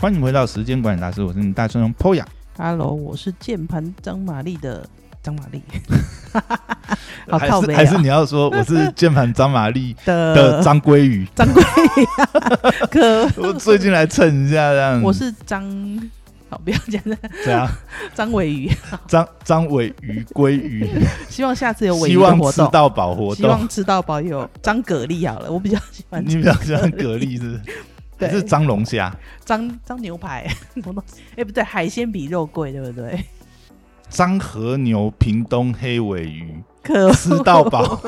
歡迎回到時間管理大濕，我是你的大濕兄 Poya。Hello，我是鍵盤張瑪麗的張瑪麗。 好還是靠北、啊、還是你要說我是鍵盤張瑪麗的張鮭魚？張鮭哥， 我最近來蹭一下這樣。 我是張，好不要講這樣。對啊，張鮪 魚，張張鮪魚鮭魚。 希望下次有鮪魚活動，希望吃到飽活動。希望吃到飽有張蛤蜊好了，我比較喜歡。你比較喜歡蛤蜊 是不是？是張龍蝦，張張牛排，哎、欸、不對，海鮮比肉貴，對不對？張和牛、屏東黑鮪魚、可惡吃到飽。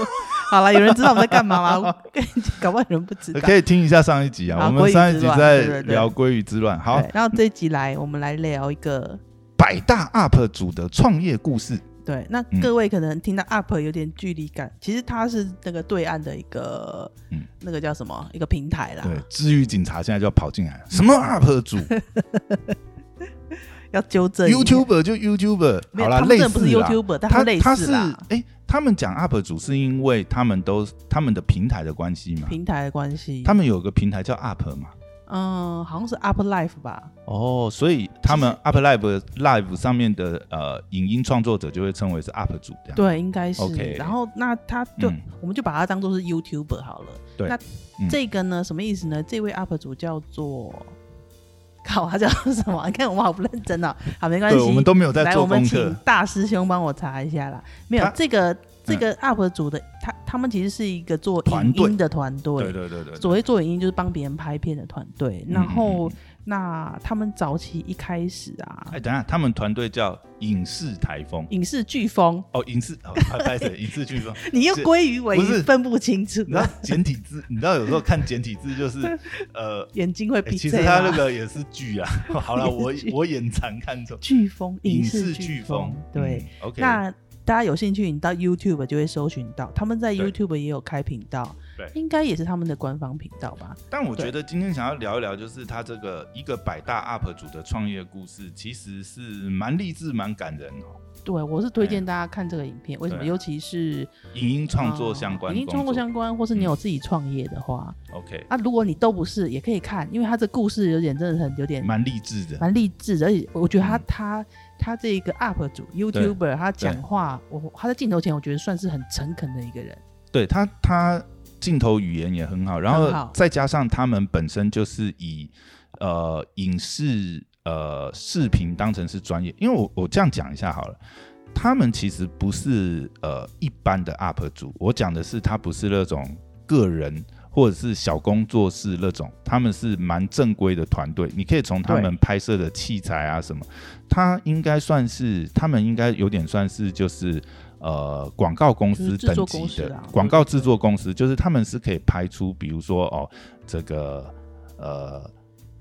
好了，有人知道我們在幹嘛嗎？ 搞不好有人不知道。可以聽一下上一集啊，好我們上一集在聊鮭魚之亂。對對對好，然後這一集來，嗯、我們來聊一個百大 UP 主的創業故事。對，那各位可能聽到 UP 有點距離感，嗯、其實它是那個對岸的一個，嗯、那個叫什麼一個平台啦。對，支語警察現在就要跑進來了，嗯、什麼 UP 主？ 要糾正，YouTuber 就 YouTuber，好啦，他們不是 YouTuber，他他是哎、欸，他們講 UP 主是因為他們都他們的平台的關係嘛，平台的關係，他們有個平台叫 UP 嘛。嗯，好像是 Up Live 吧？哦，oh, 所以他們 Up Live, Live 上面的呃影音創作者就會稱為是 Up 主這樣，對，應該是。Okay. 然後那他就、嗯、我們就把它當做是 YouTuber 好了。對，那這個呢，嗯、什麼意思呢？這位 Up 主叫做，靠，他叫什麼？你看我們好不認真哦。好，沒關係，我們都沒有在做功課。來，我們請大師兄幫我查一下啦。沒有他這個。這個 UP 主的他，他們其實是一個做影音的團隊。對對對對。所謂做影音，就是幫別人拍片的團隊。然後，那他們早期一開始啊，哎，等下，他們團隊叫影視台風、影視颶風。哦，影視哦，拍拍的影視颶風，你又歸於我不是分不清楚。那簡體字，你知道有時候看簡體字就是呃，眼睛會閉。其實他那個也是颶啊。好了，我我眼饞看錯。颶風影視颶風，對，OK 那。大家有興趣，你到 YouTube 就會搜尋到，他們在 YouTube 也有開頻道，應該也是他們的官方頻道吧。但我覺得今天想要聊一聊，就是他這個一個百大 UP 主的創業故事，其實是蠻勵志、蠻感人哦。對，我是推薦大家看這個影片。對為什麼？尤其是影音創作相關作、呃，影音創作相關，或是你有自己創業的話、嗯、，OK、啊。那如果你都不是，也可以看，因為他這故事有點真的很有點蠻勵志的，蠻勵志的。而且我覺得他、嗯、他他這一個 UP 主 YouTuber，對他講話，對我他在鏡頭前，我覺得算是很誠懇的一個人。對，他他鏡頭語言也很好，然後再加上他們本身就是以呃影視。呃，視頻當成是專業，因為我我這樣講一下好了，他們其實不是呃一般的 UP 主，我講的是他不是那種個人或者是小工作室那種，他們是蠻正規的團隊。你可以從他們拍攝的器材啊什麼，對他應該算是他們應該有點算是就是呃廣告公司等級的，的，啊、廣告製作公司，的就是他們是可以拍出比如說哦這個呃。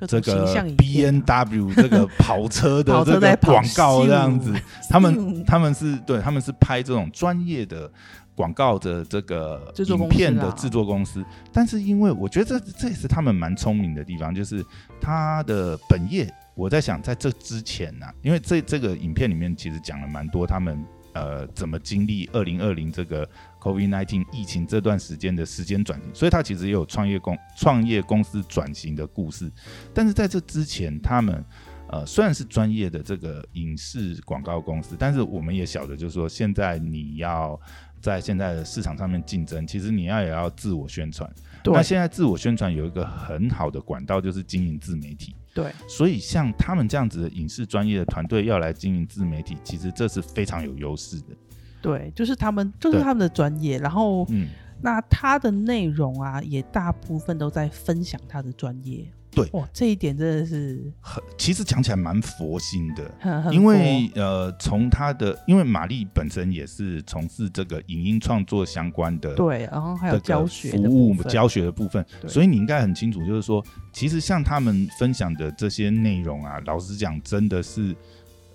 這個像 B N W 這個跑車的這個廣告這樣子，他們他們是對，他們是拍這種專業的廣告的這個影片的製作公司。但是因為我覺得這這也是他們蠻聰明的地方，就是他的本業我在想，在這之前呢、啊，因為這這個影片裡面其實講了蠻多他們呃怎麼經歷二零二零這個。COVID-19 疫情這段時間的時間轉型，所以他其實也有創業公創業公司轉型的故事。但是在這之前，他們呃，雖然是專業的這個影視廣告公司，但是我們也曉得，就是說現在你要在現在的市場上面競爭，其實你要也要自我宣傳。對那現在自我宣傳有一個很好的管道，就是經營自媒體。對，所以像他們這樣子的影視專業的團隊要來經營自媒體，其實這是非常有優勢的。對，就是他們，就是他們的專業。對然後，嗯，那他的內容啊，也大部分都在分享他的專業。對，哇、哦，這一點真的是很，其實講起來蠻佛心的。很因為對呃，從他的，因為馬力本身也是從事這個影音創作相關的，對，然後還有教學的部分服務教學的部分，對所以你應該很清楚，就是說，其實像他們分享的這些內容啊，老實講，真的是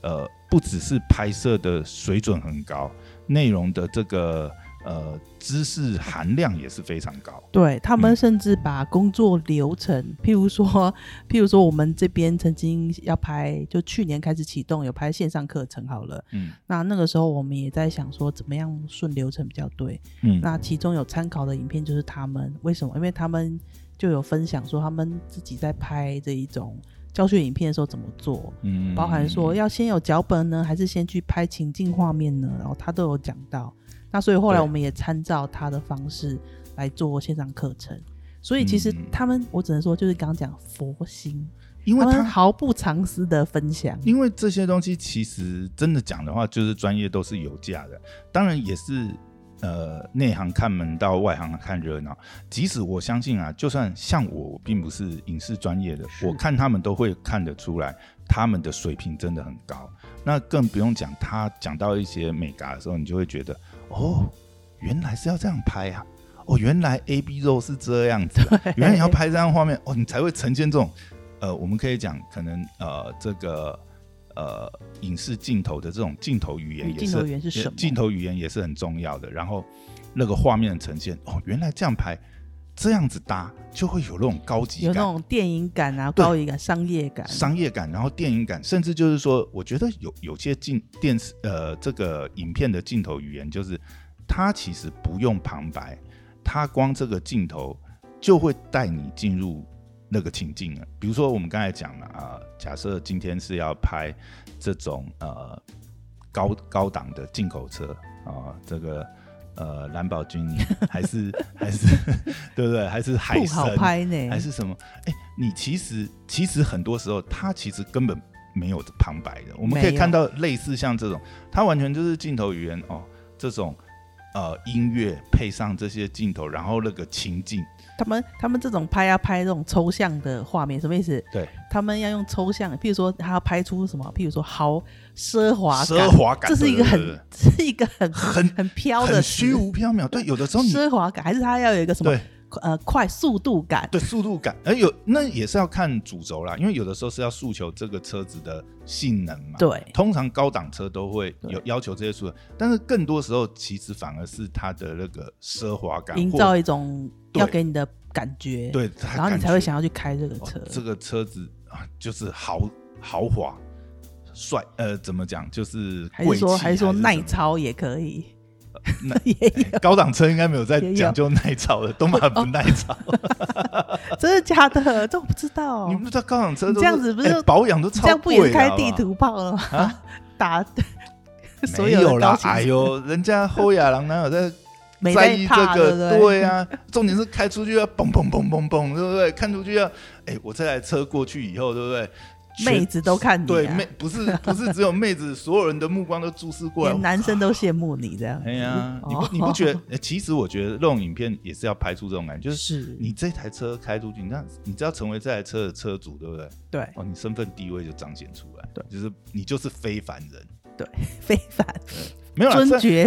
呃，不只是拍攝的水準很高，內容的這個呃知識含量也是非常高，對，他們甚至把工作流程，嗯、譬如說，譬如說我們這邊曾經要拍，就去年開始啟動有拍線上課程好了，嗯，那那個時候我們也在想說怎麼樣順流程比較對，嗯，那其中有參考的影片就是他們，為什麼？因為他們就有分享說他們自己在拍這一種。教學影片的時候怎麼做？嗯，包含說要先有腳本呢，嗯、還是先去拍情境畫面呢？然後他都有講到。那所以後來我們也參照他的方式來做線上課程。啊、所以其實他們，嗯、我只能說就是剛剛講佛心，因為他，他們毫不藏私的分享。因為這些東西其實真的講的話，就是專業都是有價的，當然也是。呃，內行看門道，外行看熱鬧。即使我相信啊，就算像我，並不是影視專業的，是我看他們都會看得出來，他們的水平真的很高。那更不用講，他講到一些美嘎的時候，你就會覺得，哦，原來是要這樣拍啊！哦，原來 A B roll 是這樣子啊，對原來你要拍這樣畫面，哦，你才會呈現這種，呃，我們可以講，可能呃，這個。呃，影視鏡頭的這種鏡頭語言也是，鏡頭語言是什麼？鏡頭語言也是很重要的。然後那個畫面呈現，哦，原來這樣拍，這樣子搭就會有那種高級感，有那種電影感啊，高級感、對商業感、商業感，然後電影感，甚至就是說，我覺得有有些鏡電視呃，這個影片的鏡頭語言，就是它其實不用旁白，它光這個鏡頭就會帶你進入。那個情境啊，比如說我們剛才講了啊、呃，假設今天是要拍這種呃高高檔的進口車啊、呃，這個呃藍寶君還是 還是對不對，對？還是海神好拍呢、欸？還是什麼？哎、欸，你其實其實很多時候它其實根本沒有旁白的，我們可以看到類似像這種，有它完全就是鏡頭語言哦，這種呃音樂配上這些鏡頭，然後那個情境。他們他們這種拍要、啊、拍這種抽象的畫面，什麼意思？對，他們要用抽象，譬如說他要拍出什麼？譬如說好奢華感，奢感這是一個很對對對，是一個很很很飄的虛無縹緲。對，有的時候你奢華感還是他要有一個什麼？對呃，快速度感對，速度感，而、呃、有那也是要看主軸啦，因為有的時候是要訴求這個車子的性能嘛。對，通常高檔車都會有要求這些訴求，對但是更多時候其實反而是它的那個奢華感，營造一種要給你的感覺。對，對然後你才會想要去開這個車。哦、這個車子啊，就是豪豪華、帥呃，怎麼講，就是貴。還是說，還是說耐操也可以。 也有高檔車應該沒有在講究耐操的，也有 都馬不耐操，哦哦、 真的假的？這我不知道。你不知道高檔車都這樣子不是、欸、保養都超貴嗎？這樣不也開地圖炮了嗎？啊、打所有的。沒有啦，是是哎呦，人家後雅郎哪有在在意這個？對呀、啊，重點是開出去要嘣嘣嘣嘣嘣，對不對？看出去要，哎、欸，我這台車過去以後，對不對？妹子都看你、啊，對妹不是不是只有妹子， 所有人的目光都注視過來，連男生都羨慕你這樣子。哎呀、啊，你不、哦、你不覺得、欸？其實我覺得那種影片也是要拍出這種感覺，就是你這台車開出去，你知道你只要成為這台車的車主，對不對？對哦，你身份地位就彰顯出來，對，就是你就是非凡人，對，非凡。沒有，這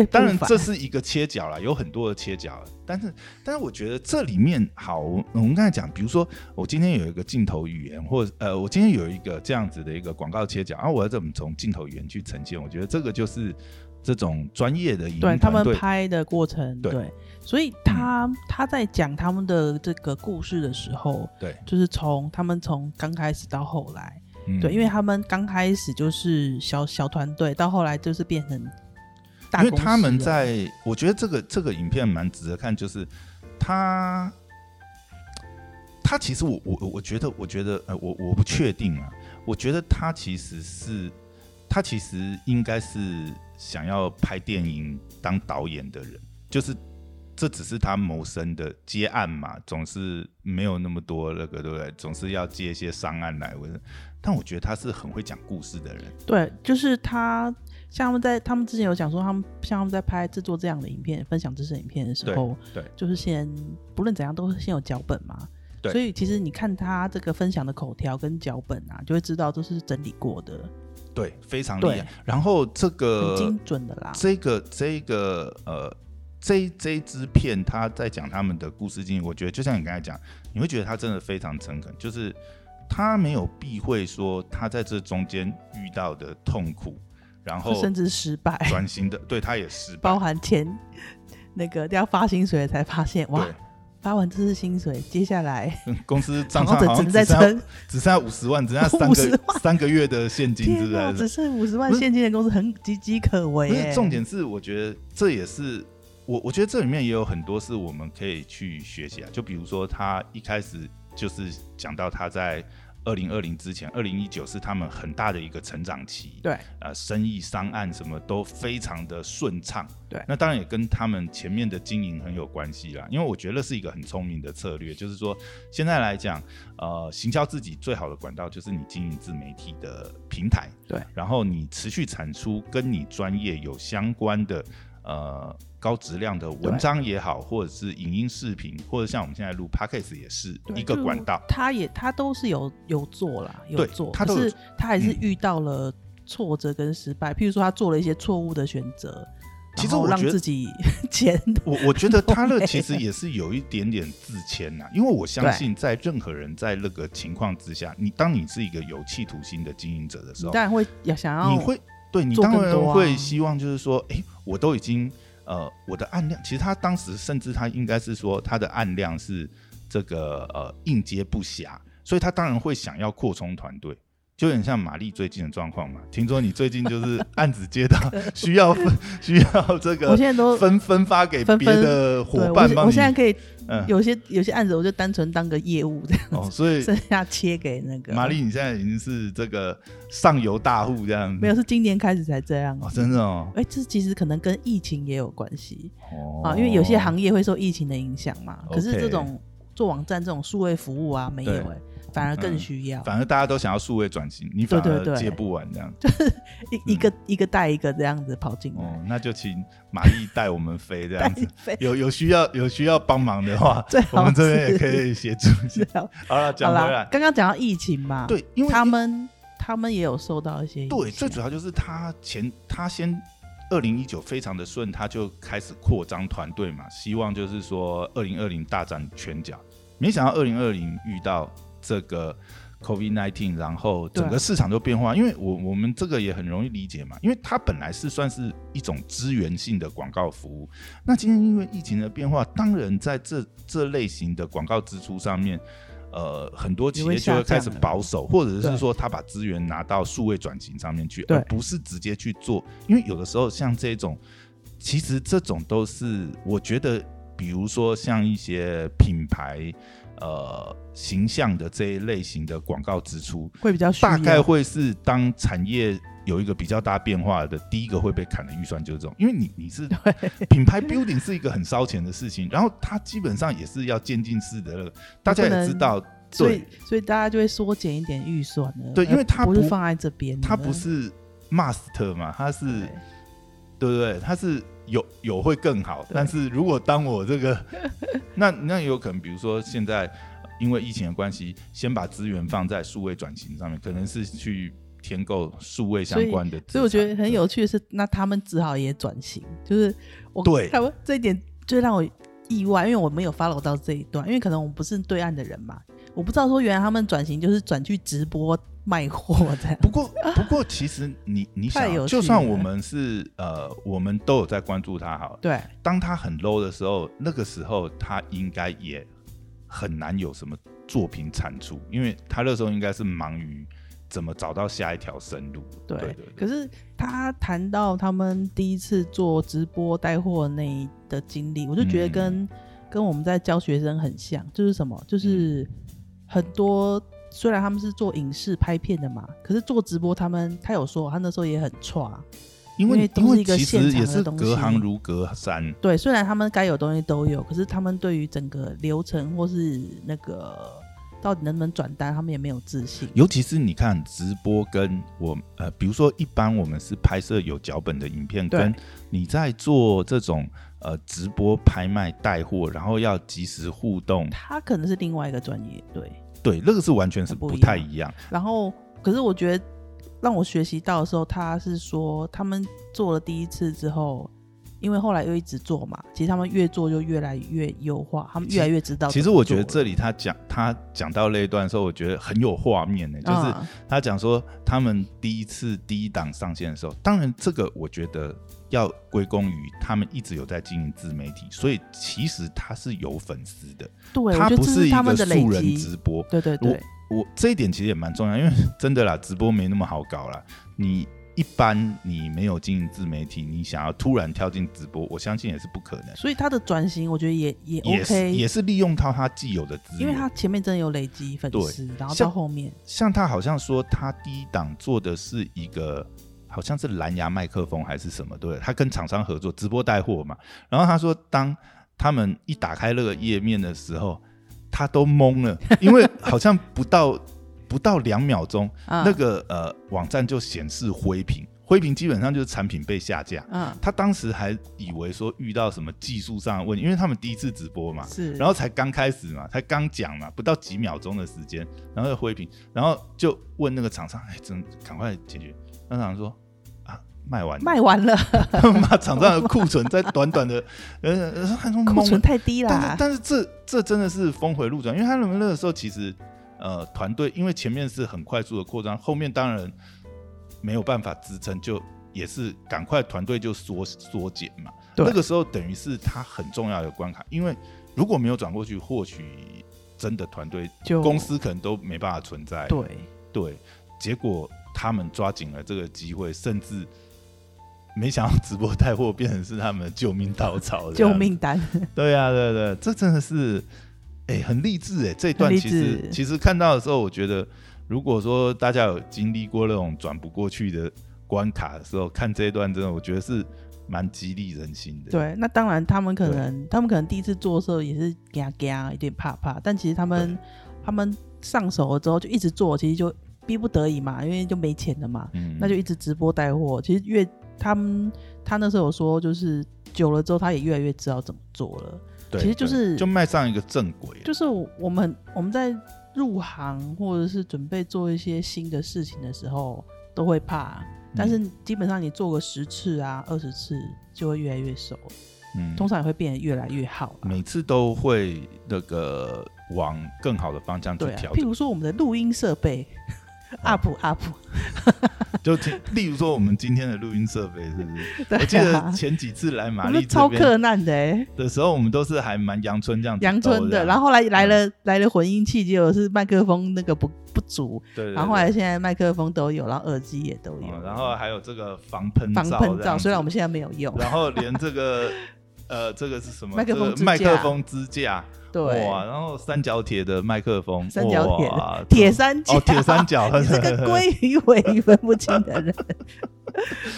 當然這是一個切角啦，有很多的切角。但是，但是我覺得這裡面好，我們剛才講，比如說我今天有一個鏡頭語言，或者呃，我今天有一個這樣子的一個廣告切角，啊，我要怎麼從鏡頭語言去呈現？我覺得這個就是這種專業的影。對，他們拍的過程對，對，所以他他在講他們的這個故事的時候，對，就是從他們從剛開始到後來，嗯、對，因為他們剛開始就是小小團隊，到後來就是變成。因為他們在，我覺得這個這個影片蠻值得看，就是他他其實我我我覺得我覺得呃我我不確定啊，我覺得他其實是他其實應該是想要拍電影當導演的人，就是這只是他謀生的接案嘛，總是沒有那麼多那個對不對？總是要接一些商案來，但但我覺得他是很會講故事的人，對，就是他。像他們在他們之前有講說，他們像他們在拍製作這樣的影片，分享這些影片的時候，對，對就是先不論怎樣，都是先有腳本嘛。對，所以其實你看他這個分享的口條跟腳本啊，就會知道這是整理過的。對，非常厲害。對然後這個很精準的啦，這個這個呃，這這支片他在講他們的故事經歷，我覺得就像你剛才講，你會覺得他真的非常誠懇，就是他沒有避諱說他在這中間遇到的痛苦。然後甚至失敗，轉型的對他也失敗，包含錢，那個都要發薪水才發現，對哇！發完這次薪水，接下來、嗯、公司賬上只剩下只剩下五十萬，只剩下三個萬三個月的現金，對不對？是只剩五十萬現金的公司很岌岌可危、欸。重點是，我覺得這也是我，我覺得這裡面也有很多事我們可以去學習啊。就比如說，他一開始就是講到他在。二零二零之前，二零一九是他們很大的一個成長期，對，啊、呃，生意商案什麼都非常的順暢，對。那當然也跟他們前面的經營很有關係啦，因為我覺得是一個很聰明的策略，就是說現在來講，呃，行銷自己最好的管道就是你經營自媒體的平台，對，然後你持續產出跟你專業有相關的，呃。高質量的文章也好，或者是影音視頻，或者像我們現在錄 podcast 也是一個管道。他也他都是有有做啦，有做，可是他還是遇到了挫折跟失敗。譬如說，他做了一些錯誤的選擇，然後讓自己減。我覺得他那其實也是有一點點自謙吶，因為我相信在任何人在那個情況之下，你當你是一個有企圖心的經營者的時候，當然會要想要，你會對你當然會希望就是說，哎，我都已經。呃，我的案量其實他當時甚至他應該是說，他的案量是這個呃應接不暇，所以他當然會想要擴充團隊。就很像馬力最近的狀況嘛，聽說你最近就是案子接到，需要分，需要這個， 我現在都分分發給別的夥伴幫你我。我現在可以，有些、嗯、有些、有些案子我就單純當個業務這樣子，哦，所以剩下切給那個馬力，你現在已經是這個上游大戶這樣，嗯、沒有，是今年開始才這樣，哦、真的哦。哎、欸，這其實可能跟疫情也有關係哦、啊，因為有些行業會受疫情的影響嘛，okay, 可是這種做網站這種數位服務啊，沒有哎、欸。反而更需要、嗯，反而大家都想要數位轉型，你反而接不完這樣子，就是一一個一個帶一個這樣子跑進來。哦、嗯嗯，那就請馬力帶我們飛這樣子。 飛有有需要有需要幫忙的話，我們這邊也可以協助一下。好了，講回來，剛剛講到疫情嘛，對，因為他們他們也有受到一些、啊、對，最主要就是他前他先二零一九非常的順，他就開始擴張團隊嘛，希望就是說二零二零大展拳腳，沒想到二零二零遇到。這個 COVID-19，然後整個市場都變化，對因為我我們這個也很容易理解嘛，因為它本來是算是一種資源性的廣告服務，那今天因為疫情的變化，當然在這這類型的廣告支出上面，呃，很多企業就會開始保守，或者是說他把資源拿到數位轉型上面去，對對而不是直接去做，因為有的時候像這種，其實這種都是我覺得，比如說像一些品牌。呃，形象的這一類型的廣告支出會比較，大概會是當產業有一個比較大變化的，第一個會被砍的預算就是這種，因為你你是對 品牌 building 是一個很燒錢的事情，然後它基本上也是要漸進式的。大家也知道，能對所以所以大家就會縮減一點預算了。對，因為它不，不是放在這邊，它不是 m a s t e r 嘛，它是對對，對？它是。有有會更好，對但是如果當我這個， 那那有可能，比如說現在因為疫情的關係，先把資源放在數位轉型上面，可能是去填購數位相關的所。所以我覺得很有趣的是，對那他們只好也轉型，就是我對，他們這一點最讓我意外，因為我沒有 follow 到這一段，因為可能我們不是對岸的人嘛，我不知道說原來他們轉型就是轉去直播。賣貨在不過不過，不過其實你你想、啊， 太有趣了，就算我們是呃，我們都有在關注他好，好，對。當他很 low 的時候，那個時候他應該也很難有什麼作品產出，因為他那時候應該是忙於怎麼找到下一條生路。對對，對對。可是他談到他們第一次做直播帶貨那一的經歷，我就覺得跟、嗯、跟我們在教學生很像，就是什麼，就是很多。雖然他們是做影視拍片的嘛，可是做直播，他們他有說他那時候也很挫為，因為都是一個現場的東西。隔行如隔山。對，雖然他們該有東西都有，可是他們對於整個流程或是那個到底能不能轉單，他們也沒有自信。尤其是你看直播，跟我呃，比如說一般我們是拍攝有腳本的影片，對跟你在做這種呃直播拍賣帶貨，然後要及時互動，他可能是另外一個專業。對。對，那個是完全是不太一樣，不一樣。然後，可是我覺得讓我學習到的時候，他是說他們做了第一次之後。因為後來又一直做嘛，其實他們越做就越來越優化，他們越來越知道其。其實我覺得這裡他講他講到那一段的時候，我覺得很有畫面呢、欸，就是他講說他們第一次第一檔上線的時候，當然這個我覺得要歸功於他們一直有在經營自媒體，所以其實他是有粉絲的，對，他不是一個素人直播，對，對對對，我，我這一點其實也蠻重要，因為真的啦，直播沒那麼好搞啦，你。一般你沒有經營自媒體，你想要突然跳進直播，我相信也是不可能。所以他的轉型，我覺得也也 OK，也是，也是利用到他既有的資源，因為他前面真的有累積粉絲，對然後到後面像，像他好像說他第一檔做的是一個，好像是藍牙麥克風還是什麼，對，他跟廠商合作直播帶貨嘛。然後他說，當他們一打開那個頁面的時候，他都懵了，因為好像不到。 不到兩秒鐘，嗯、那個呃網站就顯示灰屏，灰屏基本上就是產品被下架。嗯，他當時還以為說遇到什麼技術上的問題，因為他們第一次直播嘛，是，然後才剛開始嘛，才剛講嘛，不到幾秒鐘的時間，然後就灰屏，然後就問那個廠商，哎、欸，真趕快解決。那廠商說啊，賣完，賣完了，他們把廠 商的庫存在短短的媽呃庫、呃呃呃、存太低啦。但是，但是這這真的是峰迴路轉，因為他們那個時候其實。呃，團隊因為前面是很快速的擴張，後面當然沒有辦法支撐，就也是趕快團隊就縮縮減嘛。對，那個時候等於是他很重要的關卡，因為如果沒有轉過去，或許真的團隊就公司可能都沒辦法存在。對對，結果他們抓緊了這個機會，甚至沒想到直播帶貨變成是他們的救命稻草，救命單。對呀，啊，對，對對，這真的是。哎、欸，很勵志哎！這一段其實其實看到的時候，我覺得，如果說大家有經歷過那種轉不過去的關卡的時候，看這一段真的，我覺得是蠻激勵人心的。對，那當然他們可能對他們可能第一次做的時候也是嘎嘎有點怕怕，但其實他們對他們上手了之後就一直做，其實就逼不得已嘛，因為就沒錢了嘛，嗯嗯，那就一直直播帶貨。其實越他們他那時候有說，就是久了之後，他也越來越知道怎麼做了。對其實就是，嗯，就邁上一個正軌，就是我們我們在入行或者是準備做一些新的事情的時候都會怕，但是基本上你做個十次啊、二十次，就會越來越熟，嗯，通常也會變得越來越好啊。每次都會那個往更好的方向去調整啊。譬如說我們的錄音設備。up up，就例如說我們今天的錄音設備是不是？ 啊、我記得前幾次來瑪麗超克難的，哎，的時候我們都是還蠻陽春這樣子，陽春的。然後後來來了、嗯、來了混音器，結果是麥克風那個不不足，對,對,對。然後後來現在麥克風都有，然後耳機也都有、嗯，然後還有這個防噴防噴罩，雖然我們現在沒有用。然後連這個。 呃，這個是什麼？麥克風支架。對，哇，然後三角鐵的麥克風，三角鐵，鐵三角，鐵三角，這個鮭魚尾分不清的人，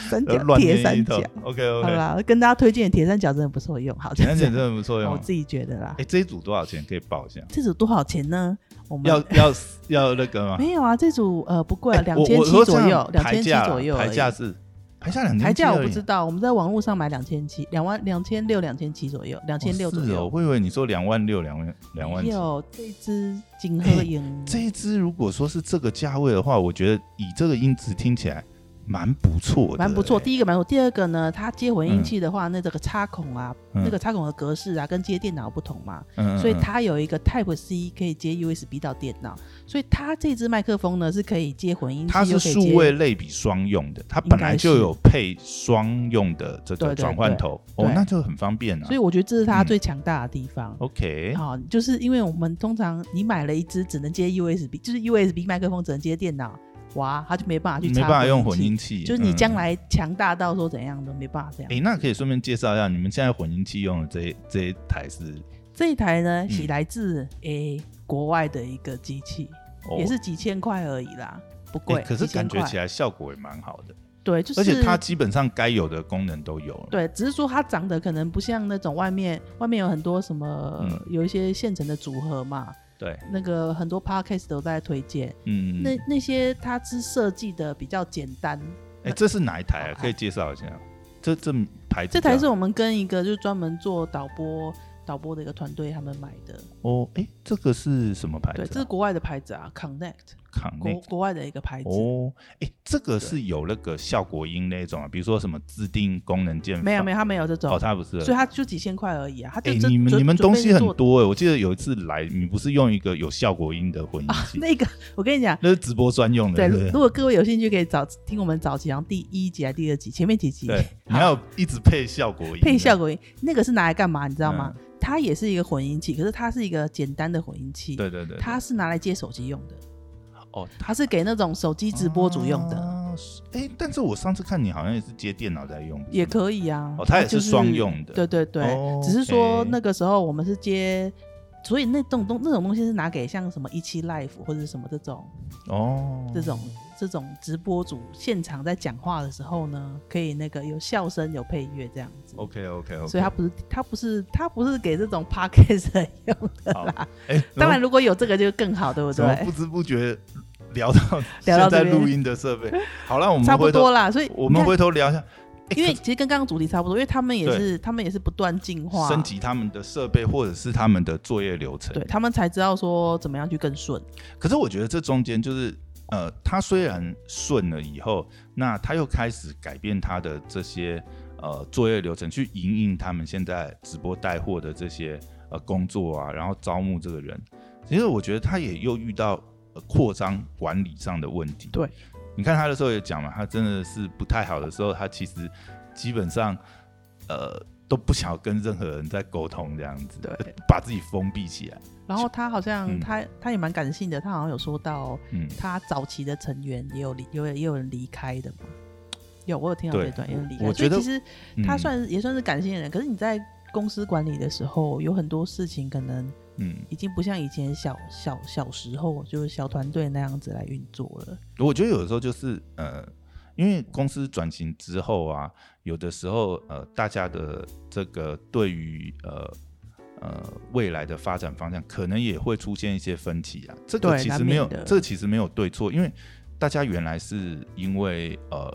三角鐵三角，OK OK，好啦，跟大家推薦鐵三角真的不錯用，好，鐵三角真的不錯用，我自己覺得啦。哎，這組多少錢？可以報一下。這組多少錢呢？我們要要要那個嗎？沒有啊，這組呃不貴，兩千七左右，兩千七左右，台架子。台價，台價我不知道。我們在網絡上買兩千七、兩萬、兩千六、兩千七左右，兩千六左右。是哦，會不會你說兩萬六、兩萬、兩萬。有這一只錦鶴音，這一隻如果說是這個價位的話，我覺得以這個音質聽起來。蠻不錯，蠻不錯。第一個蠻好，第二個呢，它接混音器的話，嗯、那這個插孔啊，嗯、那個插孔的格式啊，跟接電腦不同嘛，嗯嗯，所以它有一個 Type C 可以接 USB 到電腦，所以它這支麥克風呢，是可以接混音器。它是數位類比雙用的，它本來就有配雙用的這個轉換頭，對對對對哦，那就很方便了，啊。所以我覺得這是它最強大的地方。嗯、OK，好、啊，就是因為我們通常你買了一支只能接 USB，就是 USB 麥克風只能接電腦。哇，他就沒辦法去沒辦法用混音器。就是你將來強大到說怎樣，嗯、都沒辦法這樣。誒、欸，那可以順便介紹一下，你們現在混音器用的這一這一台是？這一台呢，是，嗯、來自誒、欸、國外的一個機器，哦、也是幾千塊而已啦，不貴，欸。可是感覺起來效果也蠻好的。對，就是而且它基本上該有的功能都有了。對，只是說它長得可能不像那種外面外面有很多什麼，嗯、有一些現成的組合嘛。對，那個很多 podcast 都在推薦，嗯，嗯，那那些它是設計的比較簡單。哎、欸，很這是哪一台啊？哦、可以介紹一下。哎、這這牌子這？這台是我們跟一個就是專門做導播導播的一個團隊他們買的。哦，哎、欸，這個是什麼牌子、啊？對，這是國外的牌子啊，Connect。國國外的一個牌子哦，哎，這個是有那個效果音那種啊，比如說什麼自定功能鍵，沒有沒有，它沒有這種，哦，它不是，所以它就幾千塊而已啊。它哎，你們你們東西很多哎，我記得有一次來，你不是用一個有效果音的混音器？那個，我跟你講，那是直播專用的。對，如果各位有興趣，可以找聽我們早期，像第一集還第二集，前面幾集，對，你還有一直配效果音，配效果音，那個是拿來幹嘛？你知道嗎？它也是一個混音器，可是它是一個簡單的混音器，對對對，它是拿來接手機用的。哦，它是給那種手機直播主用的，哎、啊欸，但是我上次看你好像也是接電腦在用，也可以啊，哦，它也是雙用的、哦就是，對對對，哦、只是說那個時候我們是接，哦 okay，所以那種東那種東西是拿給像什麼17 Live 或者什麼這種，哦，這種這種直播主現場在講話的時候呢，可以那個有笑聲有配樂這樣子，OK OK OK，所以它不是它不是它不是給這種 Podcast 用的啦，哎，欸、當然如果有這個就更好，哦、對不對？ 我不知不覺。聊到現在錄音的設備，好了，我們差不多啦，所以我們回頭聊一下，欸、因為是其實跟剛剛主題差不多，因為他們也是對他們也是不斷進化升級他們的設備或者是他們的作業流程，對他們才知道說怎麼樣去更順。可是我覺得這中間就是呃，他雖然順了以後，那他又開始改變他的這些呃作業流程，去營運他們現在直播帶貨的這些呃工作啊，然後招募這個人，其實我覺得他也又遇到。擴張、呃、管理上的問題。對，你看他的時候也講了，他真的是不太好的時候，他其實基本上呃都不想要跟任何人再溝通，這樣子，對，把自己封閉起來。然後他好像、嗯、他他也蠻感性的，他好像有說到，嗯，他早期的成員也有離有也有人離開的嘛。對有，我有聽到這段有離開。我覺得其實他算是、嗯、也算是感性的人，可是你在公司管理的時候，有很多事情可能。嗯，已經不像以前小小小時候，就是小團隊那樣子來運作了。我覺得有的時候就是呃，因為公司轉型之後啊，有的時候呃，大家的這個對於呃呃未來的發展方向，可能也會出現一些分歧啊。這個其實沒有，這其實沒有對錯，因為大家原來是因為呃，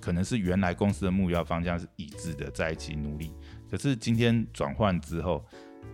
可能是原來公司的目標方向是一致的，在一起努力。可是今天轉換之後，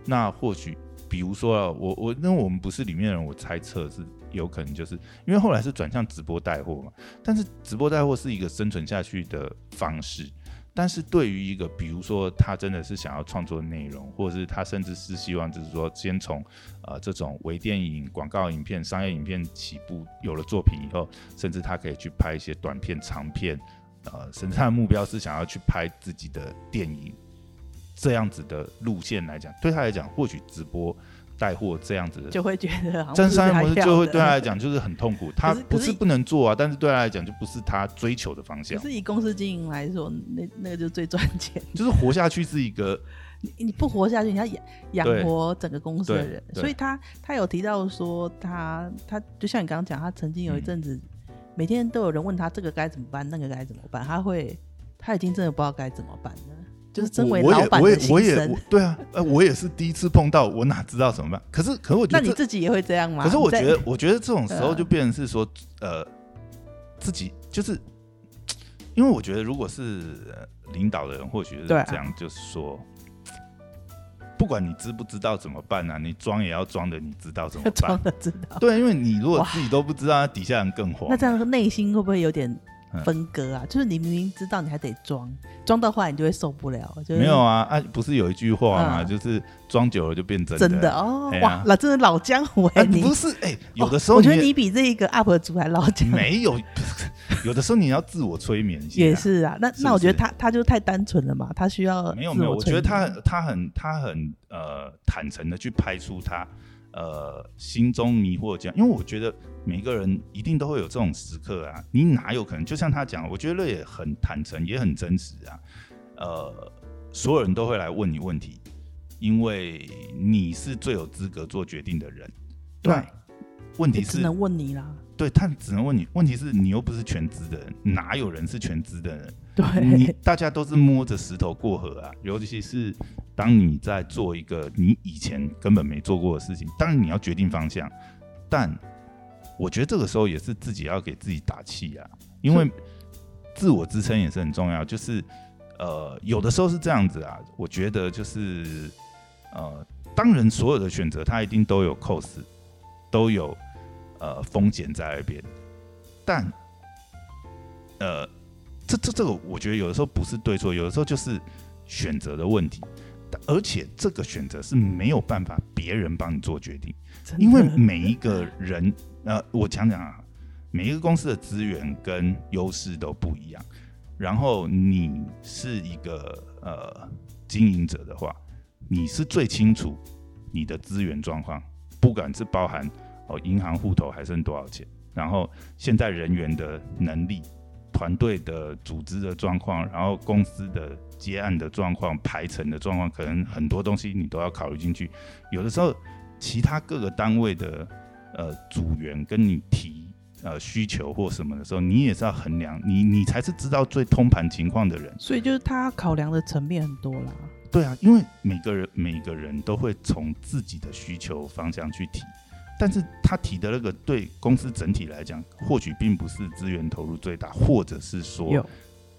那或許。比如說啊，我我因為我們不是裡面的人，我猜測是有可能，就是因為後來是轉向直播帶貨嘛。但是直播帶貨是一個生存下去的方式，但是對於一個比如說他真的是想要創作內容，或者是他甚至是希望就是說先從呃這種微電影、廣告影片、商業影片起步，有了作品以後，甚至他可以去拍一些短片、長片，呃，甚至他的目標是想要去拍自己的電影。這樣子的路線來講，對他來講，或許直播帶貨這樣子的就會覺得好像是，真山模式就會對他來講就是很痛苦。 是他不是不能做啊，是但是對他來講就不是他追求的方向。可是以公司經營來說，那那個就是最賺錢。就是活下去是一個，你你不活下去，你要養養對活整個公司的人。所以他他有提到說他，他他就像你剛剛講，他曾經有一陣子、嗯、每天都有人問他這個該怎麼辦，那個該怎麼辦，他會他已經真的不知道該怎麼辦了就是身為老闆的心聲。對啊，呃，我也是第一次碰到，我哪知道怎麼辦？可是，可是我覺得，那你自己也會這樣嗎？可是我覺得，你在 我覺得這種時候就變成是說，啊、呃，自己就是，因為我覺得如果是領導的人，或許是這樣，就是說，啊、不管你知不知道怎麼辦啊，你裝也要裝的，你知道怎麼辦？裝得知道。對，因為你如果自己都不知道、啊，哇底下人更慌。那這樣內心會不會有點？分割啊，就是你明明知道，你還得裝，裝到壞你就會受不了。就是、沒有啊，啊，不是有一句話嘛，啊、就是裝久了就變真老。真的哦、欸，哇、啊，那真的老江湖哎。你、啊、不是哎、欸，有的時候、哦、我覺得你比這個 UP 主還老江湖。哦、老江沒有，有的時候你要自我催眠一下。也是啊，那是是那我覺得他他就太單純了嘛，他需要沒有沒有，我覺得他他很他很，他很呃坦誠的去拍出他。呃，心中迷惑，這樣，因為我覺得每個人一定都會有這種時刻啊。你哪有可能？就像他講，我覺得也很坦誠，也很真實啊。呃，所有人都會來問你問題，因為你是最有資格做決定的人。對，那問題是只能問你啦。對他只能問你，問題是你又不是全知的人，哪有人是全知的人？對你大家都是摸着石頭過河啊，尤其是當你在做一個你以前根本沒做過的事情，當然你要決定方向，但我覺得這個時候也是自己要給自己打氣啊，因為自我支撐也是很重要。就是呃，有的時候是這樣子啊，我覺得就是呃，當然所有的選擇它一定都有 cost，都有呃風險在那邊，但呃。這這這個，我覺得有的時候不是對錯，有的時候就是選擇的問題。而且這個選擇是沒有辦法別人幫你做決定，真的？因為每一個人，呃，我講講啊，每一個公司的資源跟優勢都不一樣。然後你是一個呃經營者的話，你是最清楚你的資源狀況，不管是包含哦銀行戶頭還剩多少錢，然後現在人員的能力。團隊的組織的狀況，然後公司的接案的狀況、排程的狀況，可能很多東西你都要考慮進去。有的時候，其他各個單位的呃組員跟你提呃需求或什麼的時候，你也是要衡量，你你才是知道最通盤情況的人。所以就是他考量的層面很多啦。對啊，因為每個人每個人都會從自己的需求方向去提。但是他提的那個對公司整體來講，或許並不是資源投入最大，或者是說，有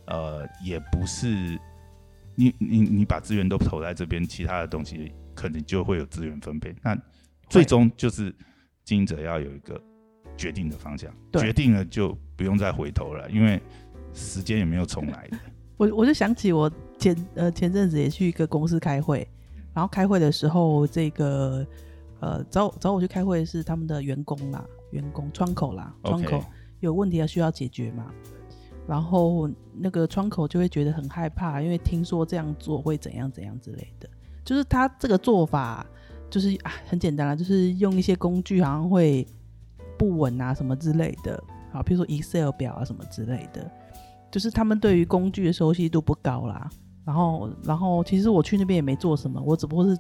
呃，也不是你你你把資源都投在這邊，其他的東西可能就會有資源分配。那最終就是經營者要有一個決定的方向，對決定了就不用再回頭了，因為時間也沒有重來的。 我我就想起我前呃前陣子也去一個公司開會，然後開會的時候這個。呃，找找我去開會的是他們的員工啦，員工窗口啦，Okay. 窗口有問題要、啊、需要解決嘛，然後那個窗口就會覺得很害怕，因為聽說這樣做會怎樣怎樣之類的，就是他這個做法就是啊很簡單啦，就是用一些工具好像會不穩啊什麼之類的，好、啊，譬如說 Excel 表啊什麼之類的，就是他們對於工具的熟悉度不高啦，然後然後其實我去那邊也沒做什麼，我只不過是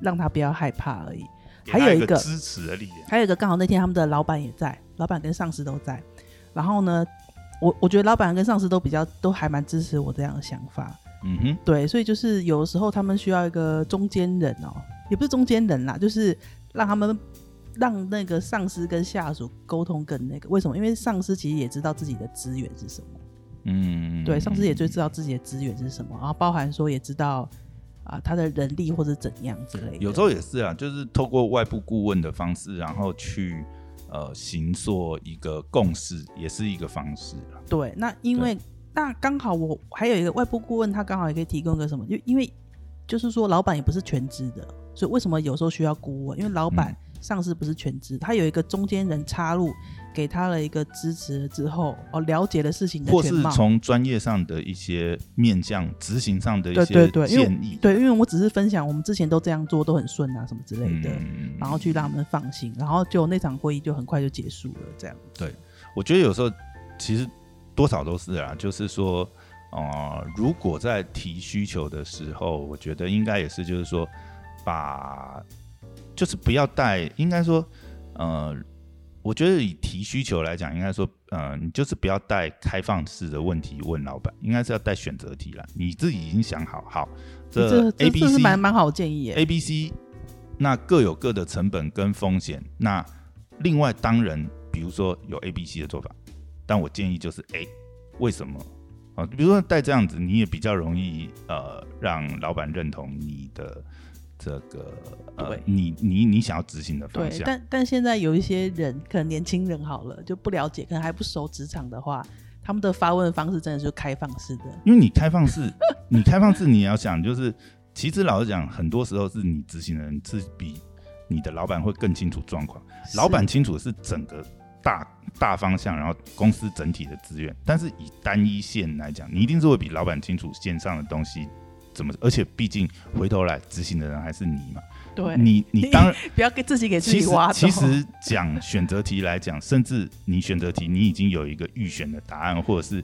讓他不要害怕而已。還有一個支持的力量，還有一個剛好那天他們的老闆也在，老闆跟上司都在。然後呢，我我覺得老闆跟上司都比較都還蠻支持我這樣的想法。嗯哼，對，所以就是有時候他們需要一個中間人哦、喔，也不是中間人啦，就是讓他們讓那個上司跟下屬溝通更那個。為什麼？因為上司其實也知道自己的資源是什麼。嗯嗯嗯，對，上司也最知道自己的資源是什麼，然後包含說也知道。啊，他的人力或者怎樣之類的，有時候也是啊，就是透過外部顧問的方式，然後去呃行做一個共識，也是一個方式、啊、對，那因為對那剛好我還有一個外部顧問，他剛好也可以提供個什麼，就因為就是說老闆也不是全職的，所以為什麼有時候需要顧問？因為老闆、嗯。上市不是全職，他有一個中間人插入，給他了一個支持之後，哦，了解了事情的全貌。或是從專業上的一些面向，執行上的一些建議。對對對，對，因為我只是分享，我們之前都這樣做都很順啊，什麼之類的，嗯、然後去讓他們放心，然後就那場會議就很快就結束了，這樣。對，我覺得有時候其實多少都是啊，就是說，啊、呃，如果在提需求的時候，我覺得應該也是，就是說把。就是不要帶，應該說，呃，我覺得以提需求來講，應該說，呃，你就是不要帶開放式的問題問老闆，應該是要帶選擇題啦，你自己已經想好，好，這 A B C 是蠻蠻好建議耶，A B C 那各有各的成本跟風險。那另外，當然，比如說有 A B C 的做法，但我建議就是，哎，為什麼？啊，比如說帶這樣子，你也比較容易呃，讓老板認同你的。這個呃，對你你你想要執行的方向，但但現在有一些人，可能年輕人好了就不了解，可能還不熟職場的話，他們的發問方式真的是開放式的。因為你開放式， 你開放式你要想就是，其實老實講，很多時候是你執行的人是比你的老板會更清楚狀況，是老板清楚的是整個大大方向，然後公司整體的資源，但是以單一線來講，你一定是會比老板清楚線上的東西。怎麼？而且畢竟回頭來執行的人還是你嘛。對，你你當然你不要給自己給自己挖坑。其實講選擇題來講， 甚至你選擇題你已經有一個預選的答案，或者是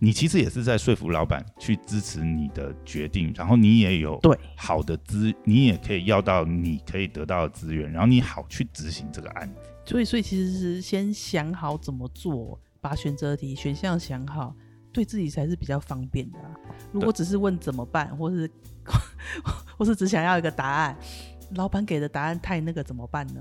你其實也是在說服老板去支持你的決定，然後你也有對好的資，對你也可以要到你可以得到的資源，然後你好去執行這個案子。所以，所以其實是先想好怎麼做，把選擇題選項想好。對自己才是比較方便的、啊。如果只是問怎麼辦，或是或是只想要一個答案，老板給的答案太那個怎麼辦呢？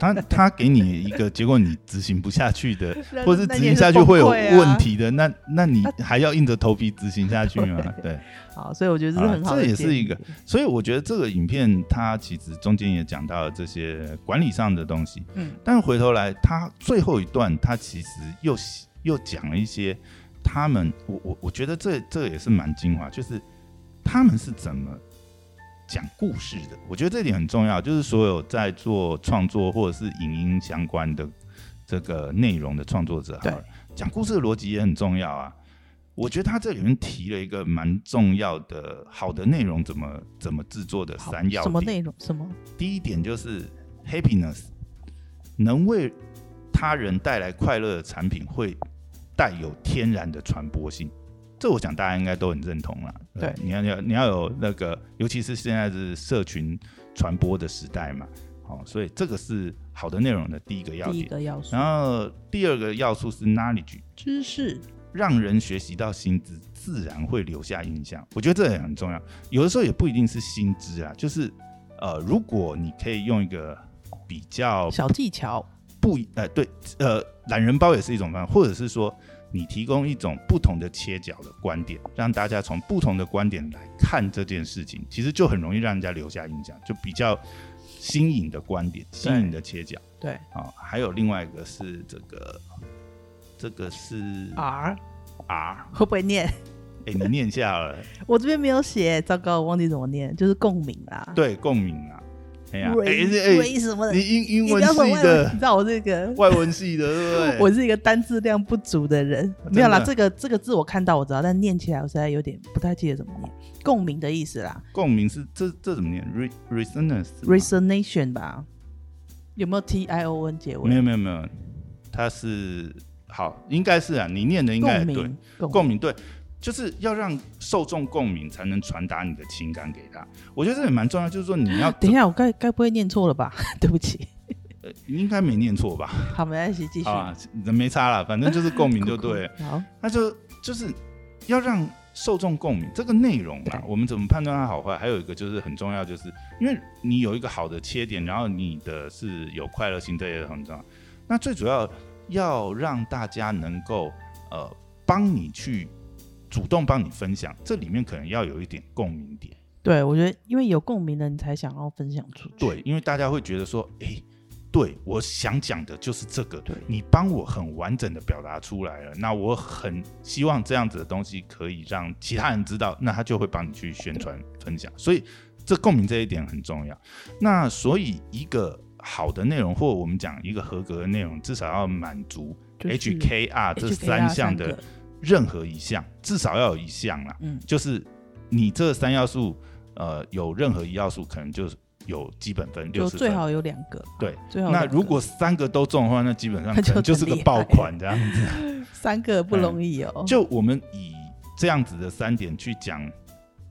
他他給你一個結果，你執行不下去的， 或是執行下去會有問題的，那、啊、那，那你還要硬着頭皮執行下去嗎？ 對，對好，所以我覺得這是很好的、啊，這也是一個。所以我覺得這個影片它其實中間也講到了這些管理上的東西，嗯，但回頭來，他最後一段，他其實又又講了一些。他們，我我我覺得這這也是蠻精華，就是他們是怎麼講故事的。我覺得這點很重要，就是所有在做創作或者是影音相關的這個內容的創作者，哈對，講故事的邏輯也很重要啊。我覺得他這裡面提了一個蠻重要的好的內容怎麼怎麼製作的三要素，什麼內容？什麼？第一點就是 happiness，能為他人帶來快樂的產品會。帶有天然的傳播性，這我想大家應該都很認同了。對、呃，你要要你要有那個，尤其是現在是社群傳播的時代嘛，好、哦，所以這個是好的內容的第一個要點。第一個要素。然後第二個要素是 knowledge 知識，讓人學習到新知，自然會留下印象。我覺得這也很重要。有的時候也不一定是新知啊，就是呃，如果你可以用一個比較小技巧。不，呃，對，呃，懶人包也是一種方法，或者是說你提供一種不同的切角的觀點，讓大家從不同的觀點來看這件事情，其實就很容易讓人家留下印象，就比較新穎的觀點，新穎的切角。對啊、哦，還有另外一個是這個，這個是 R R 會不會念？哎，你念一下好了。 我這邊沒有寫，糟糕，我忘記怎麼念，就是共鳴啦。對，共鳴啊。哎呀，哎哎，什麼的？你英英文系的，你知道我這個外文系的，系的對不對？ 我是一個單字量不足的人。的沒有啦，這個這個字我看到我知道，但念起來我實在有點不太記得怎麼念。共鳴的意思啦，共鳴是這這怎麼念？resonance，resonation a 吧？吧有沒有 t i o n 結尾？沒有沒有沒有，它是好，應該是啊，你念的應該對。共鳴鳴鳴對。就是要讓受眾共鳴，才能傳達你的情感給他。我覺得這也蠻重要，就是說你要等一下，我該該不會念錯了吧？對不起，呃，應該沒念錯吧？好，沒關係，繼續啊，沒差了，反正就是共鳴就對了哭哭。好，那就就是要讓受眾共鳴。這個內容啊，對我們怎麼判斷它好壞？還有一個就是很重要，就是因為你有一個好的切點，然後你的是有快樂性，對也很重要。那最主要要讓大家能夠呃，幫你去。主動幫你分享，這裡面可能要有一點共鳴點。對，我覺得因為有共鳴的你才想要分享出去。對，因為大家會覺得說，誒、欸，對我想講的就是這個，對你幫我很完整的表達出來了，那我很希望這樣子的東西可以讓其他人知道，那他就會幫你去宣傳分享。對所以這共鳴這一點很重要。那所以一個好的內容，或我們講一個合格的內容，至少要滿足 HKR 這三項的三。任何一項至少要有一項啦，嗯，就是你這三要素，呃，有任何一要素可能就有基本分，分就是最好有兩個，對，最好。那如果三個都中的話，那基本上可能就是個爆款這樣子。 三個不容易哦。嗯，就我們以這樣子的三點去講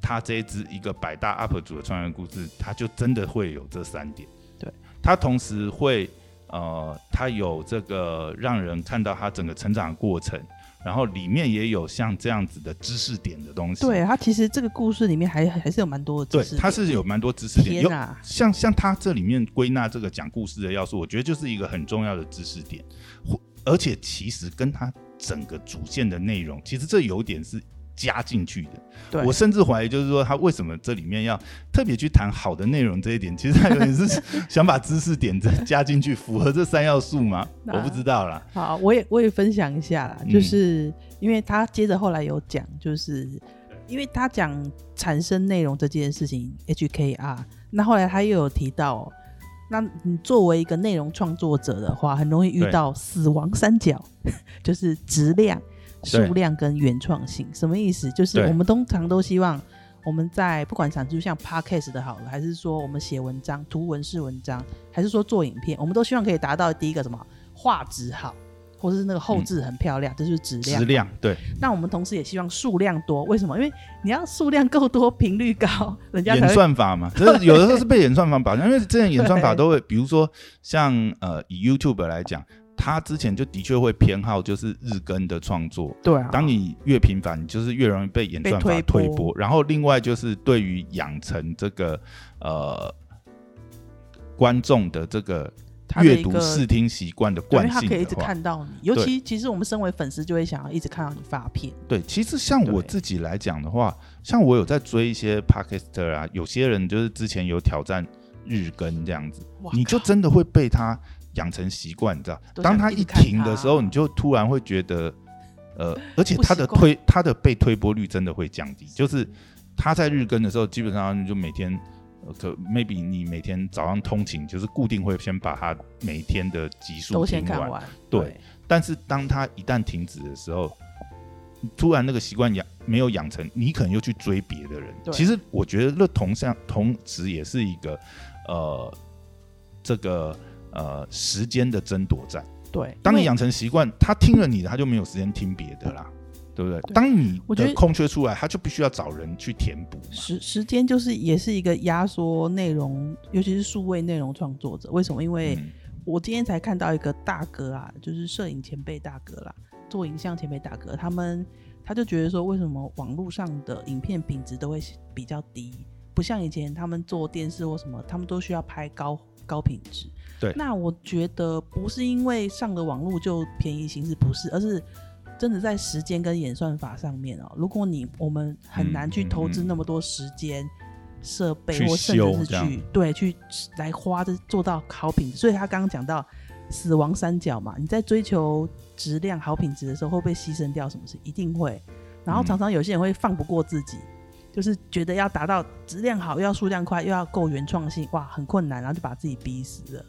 他這一支一個百大 UP 主的創業故事，他就真的會有這三點。對，他同時會呃，他有這個讓人看到他整個成長的過程。然後裡面也有像這樣子的知識點的東西。對，它其實這個故事裡面還還是有蠻多的知識點。對，它是有蠻多知識點。天哪有像像他這裡面歸納這個講故事的要素，我覺得就是一個很重要的知識點。而且其實跟他整個主線的內容，其實這有點是。加進去的，對我甚至懷疑，就是說他為什麼這裡面要特別去談好的內容這一點，其實他有點是想把知識點再加進去， 符合這三要素嗎？那我不知道啦。好，我也我也分享一下啦，就是、嗯、因為他接着後來有講，就是對因為他講產生內容這件事情，HKR，那後來他又有提到，那你作為一個內容創作者的話，很容易遇到死亡三角，對 就是質量。數對量跟原創性什麼意思？就是我們通常都希望，我們在不管產出像 podcast 的好了，還是說我們寫文章，圖文式文章，還是說做影片，我們都希望可以達到第一個什麼畫質好，或者是那個後製很漂亮，這、嗯、是質量，量。質量對。那我們同時也希望數量多，為什麼？因為你要數量夠多，頻率高，人家。演算法嘛，對 是有的時候是被演算法綁架，對 因為這些演算法都會，比如說像呃以 YouTube 來講。他之前就的確會偏好就是日更的創作，對啊。當你越頻繁，你就是越容易被演算法推，推波。然後另外就是對於養成這個呃觀眾的這個閱讀他個、視聽習慣的慣性的話，他可以一直看到你。對尤其其實我們身為粉絲，就會想要一直看到你發片。對，其實像我自己來講的話，對像我有在追一些 p a r k e s t e r 啊，有些人就是之前有挑戰日更這樣子，靠你就真的會被他養成習慣，你知道，當他一停的時候，你就突然會覺得，呃，而且他的推，他的被推播率真的會降低。就是他在日更的時候，基本上你就每天，可、呃、maybe 你每天早上通勤，就是固定會先把他每天的集數都先看完。對。對但是當他一旦停止的時候，突然那個習慣養沒有養成，你可能又去追別的人。對其實我覺得，那同像同時也是一個，呃，這個。呃，時間的爭奪戰。對，當你養成習慣，因為，他聽了你的，他就沒有時間聽別的啦，嗯、對不對？對、當你的空缺出來，他就必須要找人去填補。時時間就是也是一個壓縮內容，尤其是數位內容創作者，為什麼？因為我今天才看到一個大哥啊，就是攝影前輩大哥啦，做影像前輩大哥，他們他就覺得說，為什麼網絡上的影片品質都會比較低？不像以前他們做電視或什麼，他們都需要拍高高品質。對那我覺得不是因為上了網絡就便宜行事不是，而是真的在時間跟演算法上面哦、喔。如果你我們很難去投資那麼多時間、設、嗯嗯、備，去修或者是去樣對去來花這做到好品質。所以他剛剛講到死亡三角嘛，你在追求質量好品質的時候，會不會犧牲掉什麼事？一定會。然後常常有些人會放不過自己，嗯、就是覺得要達到質量好，又要數量快，又要夠原創性，哇，很困難，然後就把自己逼死了。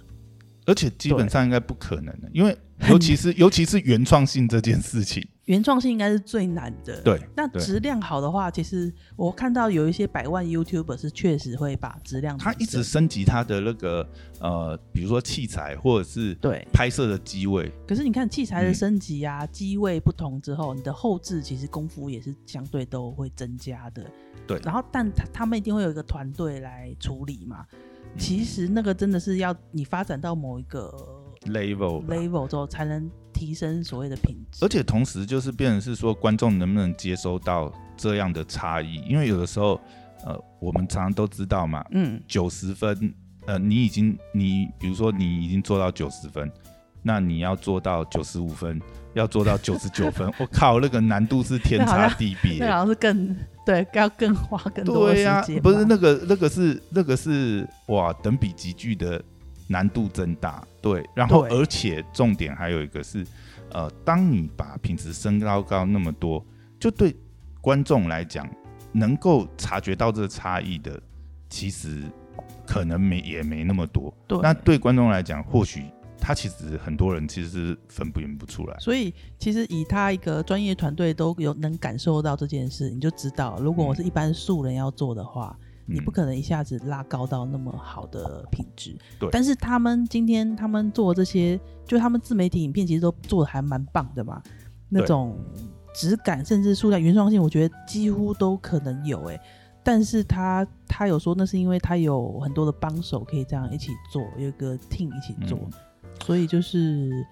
而且基本上應該不可能的，對因為尤其是難尤其是原創性這件事情， 原創性應該是最難的。對，那質量好的話，對其實我看到有一些百萬 YouTuber 是確實會把質量的。他一直升級他的那個呃，比如說器材或者是拍攝對拍攝的機位。可是，你看器材的升級啊，機、嗯、位不同之後，你的後製其實功夫也是相對都會增加的。對，然後但他他們一定會有一個團隊來處理嘛。嗯、其實那個真的是要你發展到某一個 level level 之後，才能提升所謂的品質。而且同時就是變成是說，觀眾能不能接收到這樣的差異？因為有的時候，呃，我們常常都知道嘛，嗯，九十分，呃，你已經你比如說你已經做到九十分，那你要做到九十五分，要做到九十九分， 我靠，那個難度是天差地別，那 好，好像是更。對，要更花更多時間對呀、啊，不是那個，那個是那個是哇，等比級數的難度增大。對，然後而且重點還有一個是，對呃，當你把品質升高高那麼多，就對觀眾來講，能夠察覺到這差異的，其實可能沒也沒那麼多。對，那對觀眾來講，或許。他其實很多人其實是分不不出來，所以其實以他一個專業團隊都有能感受到這件事，你就知道，如果我是一般素人要做的話，嗯、你不可能一下子拉高到那麼好的品質。對但是他們今天他們做這些，就他們自媒體影片其實都做的還蠻棒的嘛，那種質感對甚至素材原創性，我覺得幾乎都可能有哎、欸。但是他他有說那是因為他有很多的幫手可以這樣一起做，有一個 team 一起做。嗯所以就是，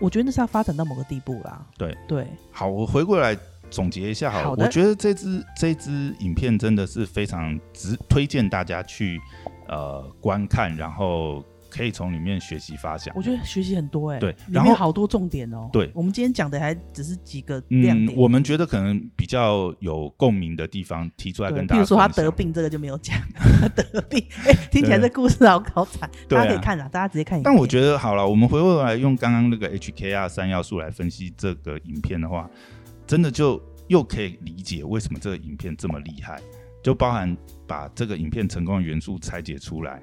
我覺得那是要發展到某個地步啦。對對，對好，我回過來總結一下好了。好的我覺得這支這支影片真的是非常值，推薦大家去呃觀看，然後。可以從裡面學習發想，我覺得學習很多哎、欸，對，然後裡面好多重點哦、喔，對，我們今天講的還只是幾個亮、嗯、我們覺得可能比較有共鳴的地方提出來跟大家，比如說他得病這個就沒有講，得 病哎、欸，聽起來這故事好搞慘，對大家可以看了，啊、大家直接看。但我覺得好了，我們回過來用剛剛那個 HKR 三要素來分析這個影片的話，真的就又可以理解為什麼這個影片這麼厲害，就包含把這個影片成功的元素拆解出來。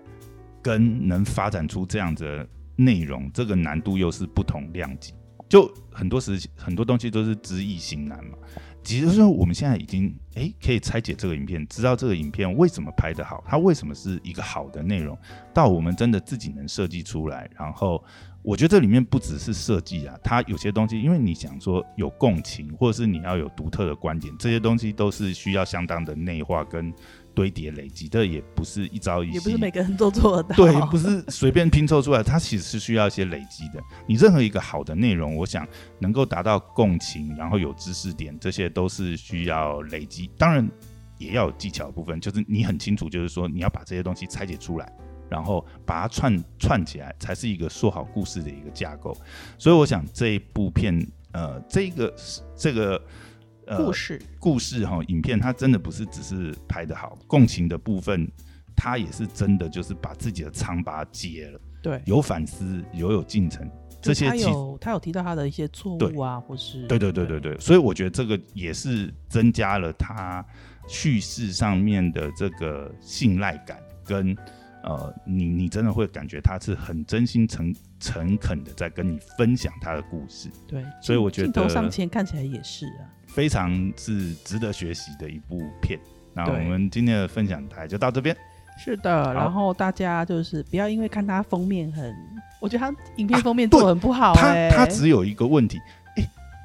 跟能發展出這樣的內容，這個難度又是不同量級。就很多時，很多東西都是知易行難嘛。其實說，我們現在已經、欸、可以拆解這個影片，知道這個影片為什麼拍得好，它為什麼是一個好的內容，到我們真的自己能設計出來。然後，我覺得這裡面不只是設計啊，它有些東西，因為你想說有共情，或者是你要有獨特的觀點，這些東西都是需要相當的內化跟。堆疊累積，這也不是一朝一夕，也不是每個人都做得到。對，不是隨便拼湊出來。 它其實是需要一些累積的。你任何一個好的內容，我想能夠達到共情，然後有知識點，這些都是需要累積。當然也要有技巧的部分，就是你很清楚，就是說你要把這些東西拆解出來，然後把它串串起來，才是一個說好故事的一個架構。所以，我想這一部片，呃，這個這個。呃、故事故事哈、哦，影片它真的不是只是拍得好，共情的部分，他也是真的就是把自己的傷疤解了。對，有反思，有有進程，他這些有他有提到他的一些錯誤啊，對或是對對對對對，對，所以我覺得這個也是增加了他敘事上面的這個信賴感，跟呃，你你真的會感覺他是很真心誠誠懇的在跟你分享他的故事，對，所以我覺得鏡頭上前看起來也是啊。非常是值得學習的一部片。那我們今天的分享台就到這邊。是的，好然後大家就是不要因為看它封面很，我覺得它影片封面做得很不好。欸，它它，啊，只有一個問題，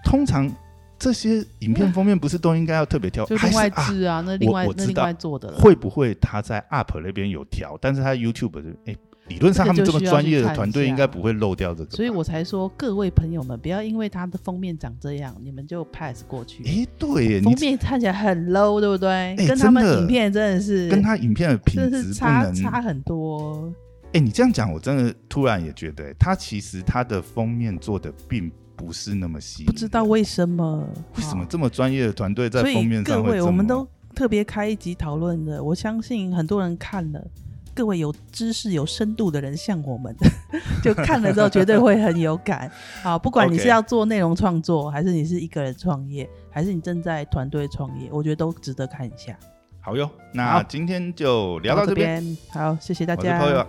通常這些影片封面不是都應該要特別挑？就另外製啊，啊那另外另外做的會不會它在 UP 那邊有挑，但是它 YouTube 就理論上，他們這麼專業的團隊應該不會漏掉這個。所以，我才說各位朋友們，不要因為他的封面長這樣，你們就 pass 過去。哎、欸，對，封面看起來很 low，對不對？欸、跟他們，影片真的是真的跟他影片的品質差差很多。哎、欸，你這樣講，我真的突然也覺得，他其實他的封面做的並不是那麼細。不知道為什麼？為什麼這麼專業的團隊在封面上，各位，我們都特別開一集討論的，我相信很多人看了。各位有知識、有深度的人，像我們呵呵，就看了之後絕對會很有感好、 啊，不管你是要做內容創作，Okay. 還是你是一個人創業，還是你正在團隊創業，我覺得都值得看一下。好喲，那今天就聊到這邊。好，謝謝大家。我是 Poya，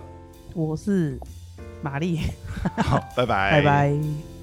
我是瑪麗。 好，拜拜。拜拜。